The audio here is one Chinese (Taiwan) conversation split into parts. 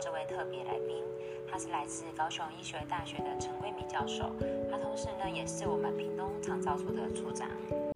這位特別來賓，他是來自高雄醫學大學的陳桂敏教授，他同時呢，也是我們屏東長照處的處長。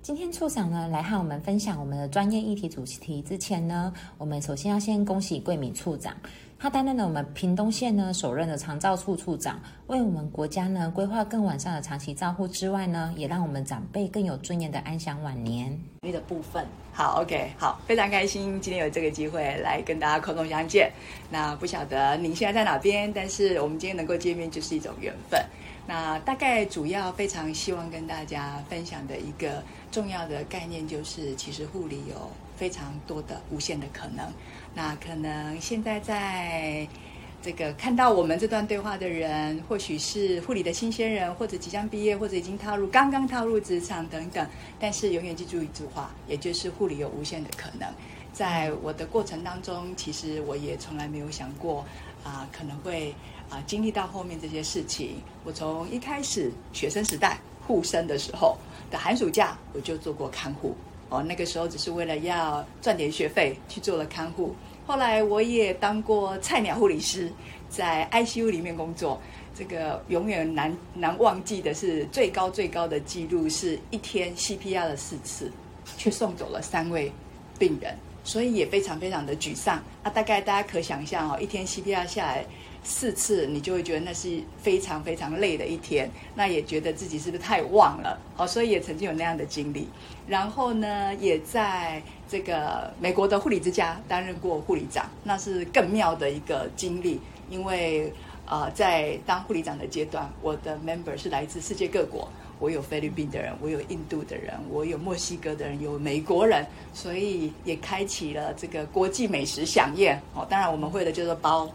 今天處長呢來和我們分享我們的專業議題主題之前呢，我們首先要先恭喜桂敏處長。他擔任了我們屏東縣呢，首任的長照處處長，為我們國家呢規劃更完善的長期照護之外呢，也讓我們長輩更有尊嚴的安享晚年。的部分。好，OK，好，非常開心今天有這個機會來跟大家空中相見。那不曉得您現在在哪邊，但是我們今天能夠見面就是一種緣分。那大概主要非常希望跟大家分享的一個重要的概念，就是其實護理有非常多的無限的可能。那可能現在在這個看到我們這段對話的人，或許是護理的新鮮人，或者即將畢業，或者已經踏入剛剛踏入職場等等。但是永遠記住一句話，也就是護理有無限的可能。在我的過程當中，其實我也從來沒有想過啊，可能會。啊，經歷到後面這些事情，我從一開始學生時代護生的時候的寒暑假，我就做過看護。哦，那個時候只是為了要賺點學費去做了看護。後來我也當過菜鳥護理師，在 ICU 裡面工作。這個永遠難難忘記的是，最高最高的紀錄是一天 CPR 了四次，卻送走了三位病人，所以也非常非常的沮喪。啊，大概大家可想象哦，一天 CPR 下來。四次，你就會覺得那是非常非常累的一天，那也覺得自己是不是太旺了？好、哦，所以也曾經有那樣的經歷。然後呢，也在這個美國的護理之家擔任過護理長，那是更妙的一個經歷。因為呃，在當護理長的階段，我的 member 是來自世界各國，我有菲律賓的人，我有印度的人，我有墨西哥的人，有美國人，所以也開啟了這個國際美食饗宴。哦，當然我們會的就是包，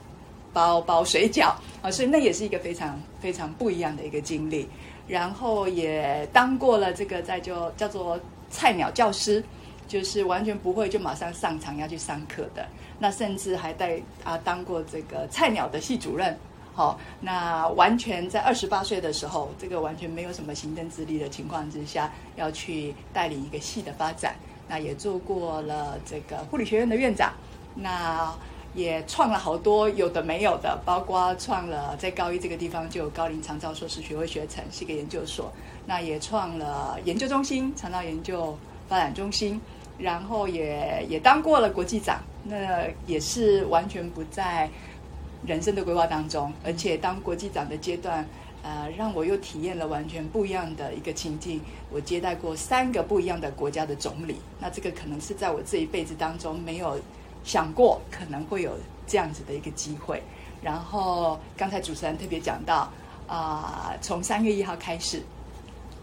包包水餃啊，所以那也是一個非常非常不一樣的一個經歷。然後也當過了這個在就叫做菜鳥教師，就是完全不會就馬上上場要去上課的。那甚至還帶啊當過這個菜鳥的系主任，好、哦，那完全在二十八歲的時候，這個完全沒有什麼行政資歷的情況之下，要去帶領一個系的發展。那也做過了這個護理學院的院長。那也創了好多有的沒有的，包括創了在高一這個地方就有高齡長照碩士學位學程，是一個研究所，那也創了研究中心、長照研究發展中心，然後也也當過了國際長，那也是完全不在人生的規劃當中，而且當國際長的階段，呃，讓我又體驗了完全不一樣的一個情境，我接待過三個不一樣的國家的總理，那這個可能是在我這一輩子當中沒有。想過可能會有這樣子的一個機會，然後剛才主持人特別講到，啊、呃，從三月一號開始，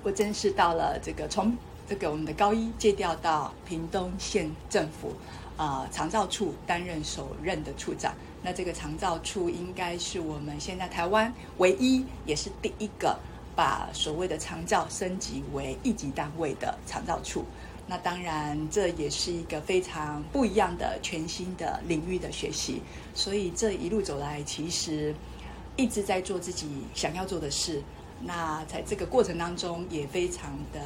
我正式到了這個從這個我們的高一借調到屏東縣政府，啊、呃，長照處擔任首任的處長。那這個長照處應該是我們現在臺灣唯一也是第一個把所謂的長照升級為一級單位的長照處。那當然，這也是一個非常不一樣的、全新的領域的學習。所以這一路走來，其實一直在做自己想要做的事。那在這個過程當中，也非常的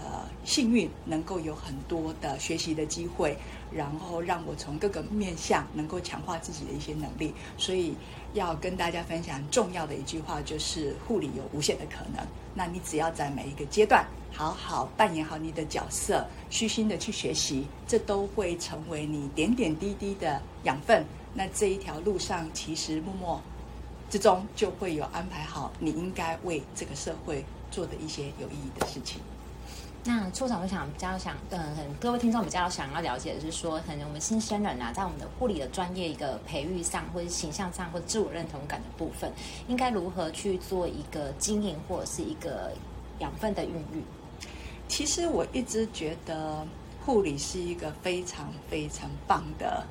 幸運，能夠有很多的學習的機會，然後讓我從各個面向能夠強化自己的一些能力。所以要跟大家分享重要的一句話，就是護理有無限的可能。那你只要在每一個階段好好扮演好你的角色，虛心的去學習，這都會成為你點點滴滴的養分。那這一條路上，其實默默。之中就會有安排好，你應該為這個社會做的一些有意義的事情。那處長我想比較想，很、呃、各位聽眾比較想要了解的是說，很我們新鮮人啊，在我們的護理的專業一個培育上，或者形象上，或自我認同感的部分，應該如何去做一個經營，或者是一個養分的孕育？其實我一直覺得護理是一個非常非常棒的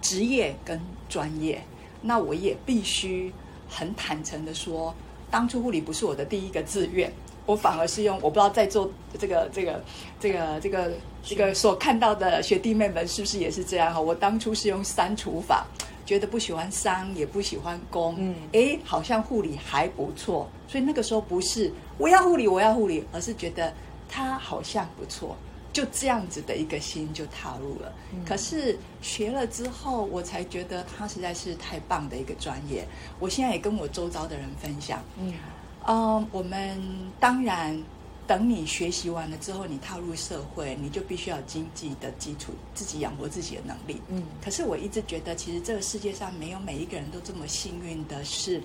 職業跟專業。那我也必須。很坦誠的說，當初護理不是我的第一個志願，我反而是用我不知道在座這個這個這個這個這個所看到的學弟妹們是不是也是這樣哈？我當初是用刪除法，覺得不喜歡商也不喜歡工，嗯，哎，好像護理還不錯，所以那個時候不是我要護理我要護理，而是覺得他好像不錯。就這樣子的一個心就踏入了。嗯、可是學了之後，我才覺得他實在是太棒的一個專業。我現在也跟我周遭的人分享。嗯，嗯，我們當然等你學習完了之後，你踏入社會，你就必須要有經濟的基礎，自己養活自己的能力。嗯，可是我一直覺得，其實這個世界上沒有每一個人都這麼幸運的是，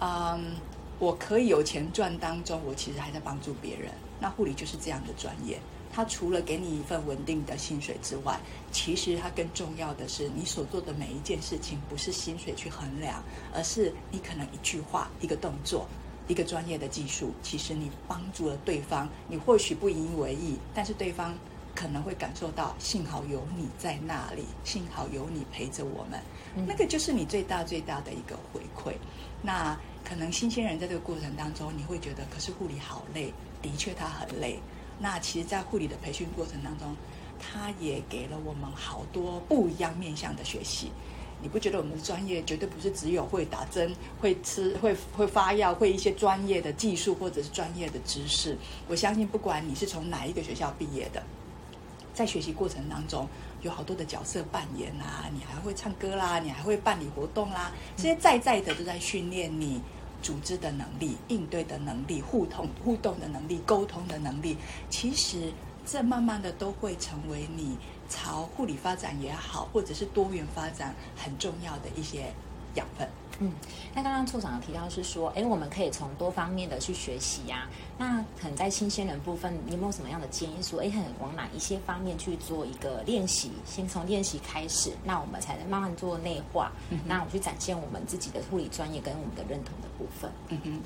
嗯，我可以有錢賺，當中我其實還在幫助別人。那護理就是這樣的專業。他除了給你一份穩定的薪水之外，其實他更重要的是，你所做的每一件事情不是薪水去衡量，而是你可能一句話、一個動作、一個專業的技術，其實你幫助了對方，你或許不以為意，但是對方可能會感受到，幸好有你在那裡，幸好有你陪着我們。嗯，那個就是你最大最大的一個回饋。那可能新鮮人在這個過程當中，你會覺得，可是護理好累，的確他很累。那其實，在護理的培訓過程當中，他也給了我們好多不一樣面向的學習。你不覺得我們專業絕對不是只有會打針、會吃、會會發藥、會一些專業的技術或者是專業的知識？我相信，不管你是從哪一個學校畢業的，在學習過程當中，有好多的角色扮演啊，你還會唱歌啦，你還會辦理活動啦，這些在在的都在訓練你。組織的能力、應對的能力、互動互動的能力、溝通的能力，其實這慢慢的都會成為你朝護理發展也好，或者是多元發展很重要的一些養分。嗯，那剛剛處長有提到是說，哎、欸，我們可以從多方面的去學習呀、啊。那可能在新鮮人部分，你有沒有什麼樣的建議，說、欸、哎，很往哪一些方面去做一個練習？先從練習開始，那我們才能慢慢做內化、嗯。那我去展現我們自己的護理專業跟我們的認同的部分。嗯哼。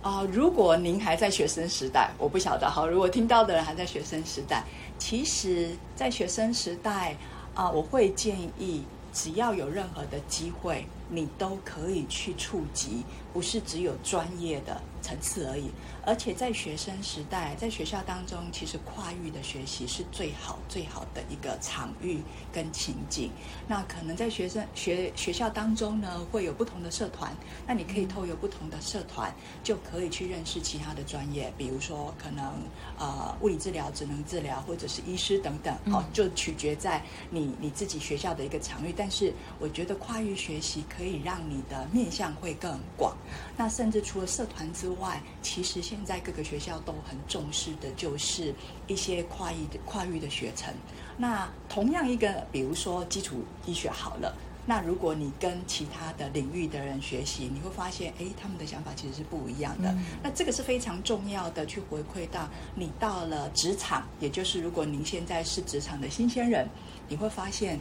啊、呃，如果您還在學生時代，我不曉得。好，如果聽到的人還在學生時代，其實，在學生時代啊、呃，我會建議，只要有任何的機會，你都可以去觸及，不是只有專業的層次而已。而且在學生時代，在學校當中，其實跨域的學習是最好最好的一個場域跟情景。那可能在學生學學校當中呢，會有不同的社團，那你可以透過不同的社團、嗯、就可以去認識其他的專業，比如說可能呃物理治療職能治療，或者是醫師等等、嗯、哦，就取決在你你自己學校的一個場域。但是我覺得跨域學習可可以讓你的面向會更廣，那甚至除了社團之外，其實現在各個學校都很重視的，就是一些跨域的跨域的學程。那同樣一個，比如說基礎醫學好了，那如果你跟其他的領域的人學習，你會發現，哎，他們的想法其實是不一樣的，嗯嗯。那這個是非常重要的，去回饋到你到了職場，也就是如果你現在是職場的新鮮人，你會發現。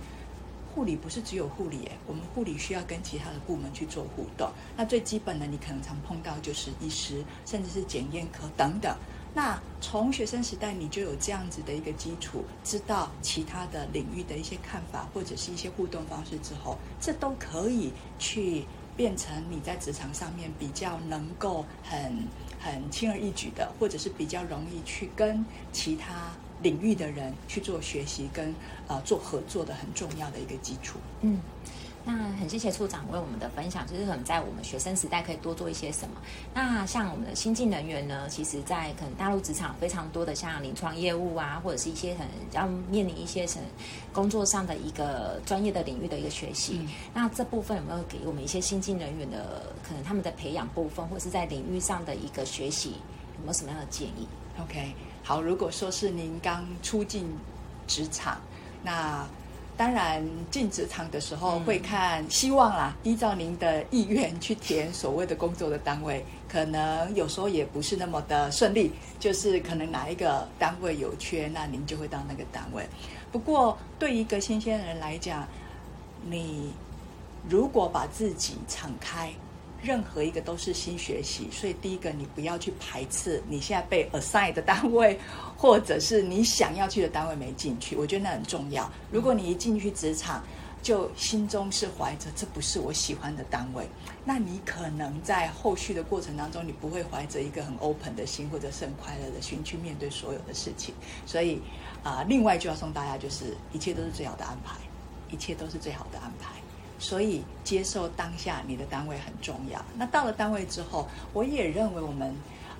護理不是只有護理誒，我們護理需要跟其他的部門去做互動。那最基本的，你可能常碰到就是醫師，甚至是檢驗科等等。那從學生時代，你就有這樣子的一個基礎，知道其他的領域的一些看法或者是一些互動方式之後，這都可以去變成你在職場上面比較能夠很很輕而易舉的，或者是比較容易去跟其他領域的人去做學習跟呃做合作的很重要的一個基礎。嗯，那很謝謝處長為我們的分享，就是可能在我們學生時代可以多做一些什麼。那像我們的新進人員呢，其實，在可能大陸職場非常多的像臨床業務啊，或者是一些可能要面臨一些什工作上的一個專業的領域的一個學習、嗯。那這部分有沒有給我們一些新進人員的可能他們的培養部分，或者是在領域上的一個學習，有沒有什麼樣的建議？OK。好，如果說是您剛出進職場，那當然進職場的時候會看，嗯，希望啦，啊，依照您的意願去填所謂的工作的單位，可能有時候也不是那麼的順利，就是可能哪一個單位有缺，那您就會到那個單位。不過對一個新鮮人來講，你如果把自己敞開。任何一個都是新學習，所以第一個你不要去排斥你現在被 assign 的單位，或者是你想要去的單位沒進去，我覺得那很重要。如果你一進去職場就心中是懷着這不是我喜歡的單位，那你可能在後續的過程當中，你不會懷着一個很 open 的心，或者是很快樂的心去面對所有的事情。所以啊，呃，另外就要送大家就是，一切都是最好的安排，一切都是最好的安排。所以接受當下你的單位很重要。那到了單位之後，我也認為我們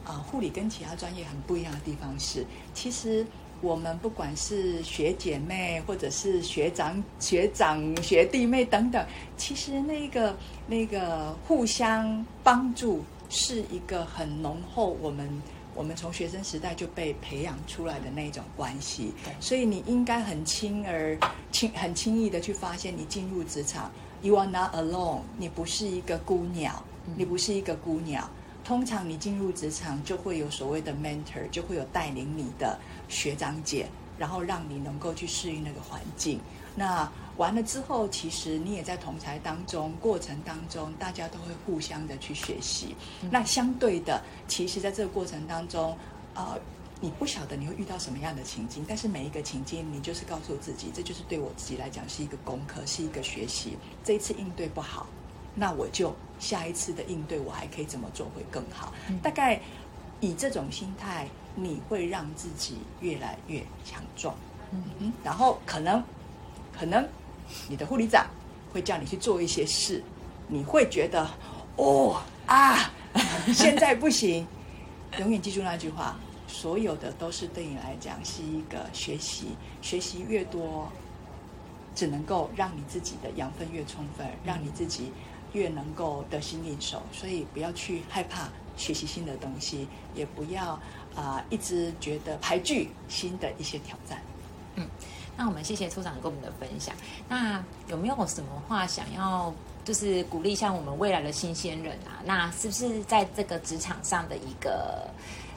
啊、呃、護理跟其他專業很不一樣的地方是，其實我們不管是學姐妹或者是學長、學長學弟妹等等，其實那個那個互相幫助是一個很濃厚我們我們從學生時代就被培養出來的那種關係。對。所以你應該很輕而輕很輕易的去發現你進入職場。You are not alone 你、嗯。你不是一個孤鳥，你不是一個孤鳥。通常你進入職場就會有所謂的 mentor，就會有帶領你的學長姐，然後讓你能夠去適應那個環境。那完了之後，其實你也在同儕當中，過程當中大家都會互相的去學習、嗯。那相對的，其實在這個過程當中，呃。你不曉得你會遇到什麼樣的情境，但是每一個情境，你就是告訴自己，這就是對我自己來講是一個功課，是一個學習。這一次應對不好，那我就下一次的應對，我還可以怎麼做會更好？嗯。大概以這種心態，你會讓自己越來越強壯。嗯，然後可能可能你的護理長會叫你去做一些事，你會覺得哦啊，現在不行。 永遠記住那句話。所有的都是對你來講是一個學習，學習越多，只能夠讓你自己的養分越充分，讓你自己越能夠得心應手。所以不要去害怕學習新的東西，也不要啊、呃、一直覺得排拒新的一些挑戰。嗯，那我們謝謝處長跟我們的分享。那有沒有什麼話想要就是鼓勵一下我們未來的新鮮人啊？那是不是在這個職場上的一個？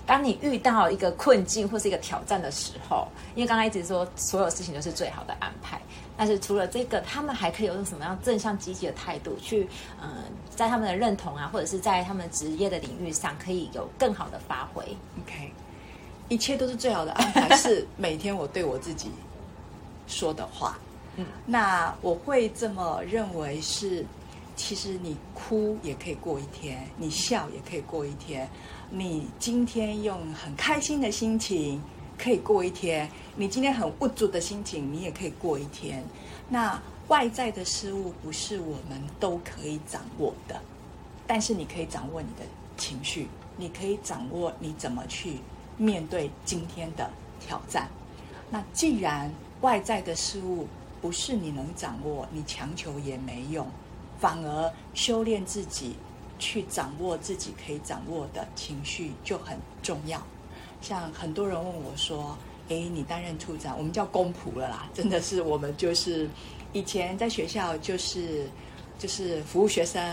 當你遇到一個困境或是一個挑戰的時候，因為剛才一直說所有事情都是最好的安排，但是除了這個，他們還可以有什麼樣正向積極的態度去，嗯、呃，在他們的認同啊，或者是在他們職業的領域上，可以有更好的發揮。OK，一切都是最好的安排，是每天我對我自己說的話。嗯， 那我會這麼認為是，其實你哭也可以過一天，你笑也可以過一天。你今天用很開心的心情可以過一天，你今天很無助的心情，你也可以過一天。那外在的事物不是我們都可以掌握的，但是你可以掌握你的情緒，你可以掌握你怎麼去面對今天的挑戰。那既然外在的事物不是你能掌握，你強求也沒用，反而修煉自己，去掌握自己可以掌握的情緒就很重要。像很多人問我說：“哎，你擔任處長，我們叫公僕了啦。”真的是，我們就是以前在學校就是就是服務學生、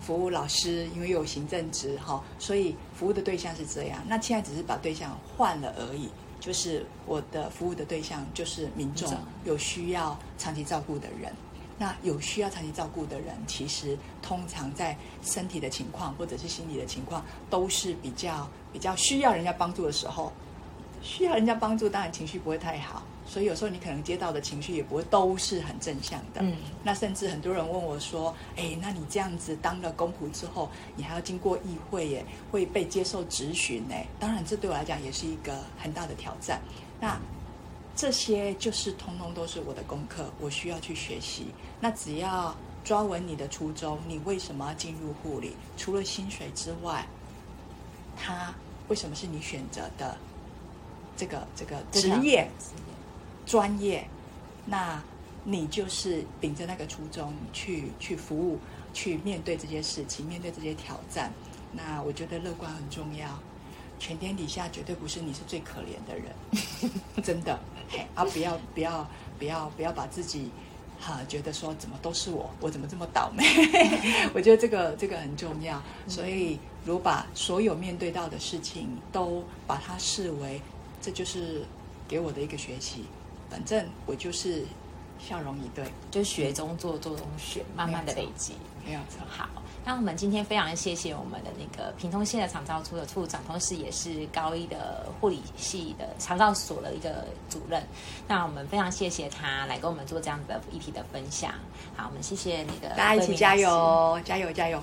服務老師，因為有行政職哈、哦，所以服務的對象是這樣。那現在只是把對象換了而已，就是我的服務的對象就是民眾有需要長期照顧的人。那有需要長期照顧的人，其實通常在身體的情況或者是心理的情況，都是比較比較需要人家幫助的時候，需要人家幫助，當然情緒不會太好，所以有時候你可能接到的情緒也不會都是很正向的。嗯。那甚至很多人問我說，哎，那你這樣子當了公僕之後，你還要經過議會耶，會被接受質詢呢？當然，這對我來講也是一個很大的挑戰。那。嗯這些就是通通都是我的功課，我需要去學習。那只要抓穩你的初衷，你為什麼要進入護理？除了薪水之外，他為什麼是你選擇的這個這個職業、職業、職業、專業？那你就是秉着那個初衷去去服務，去面對這些事情，面對這些挑戰。那我覺得樂觀很重要，全天底下絕對不是你是最可憐的人， 真的。啊！不要不要不要不要把自己，哈，覺得說怎麼都是我，我怎麼這麼倒霉？ 我覺得這個這個很重要。所以，如果把所有面對到的事情都把它視為，這就是給我的一個學習。反正我就是笑容以對，就學中做，做中學，嗯，慢慢的累積。沒有錯，好。那我們今天非常謝謝我們的那個屏東縣的長照處的處長，同時也是高一的護理系的長照所的一個主任。那我們非常謝謝他來跟我們做這樣的一批的分享。好，我們謝謝那個，大家一起加油，加油，加油！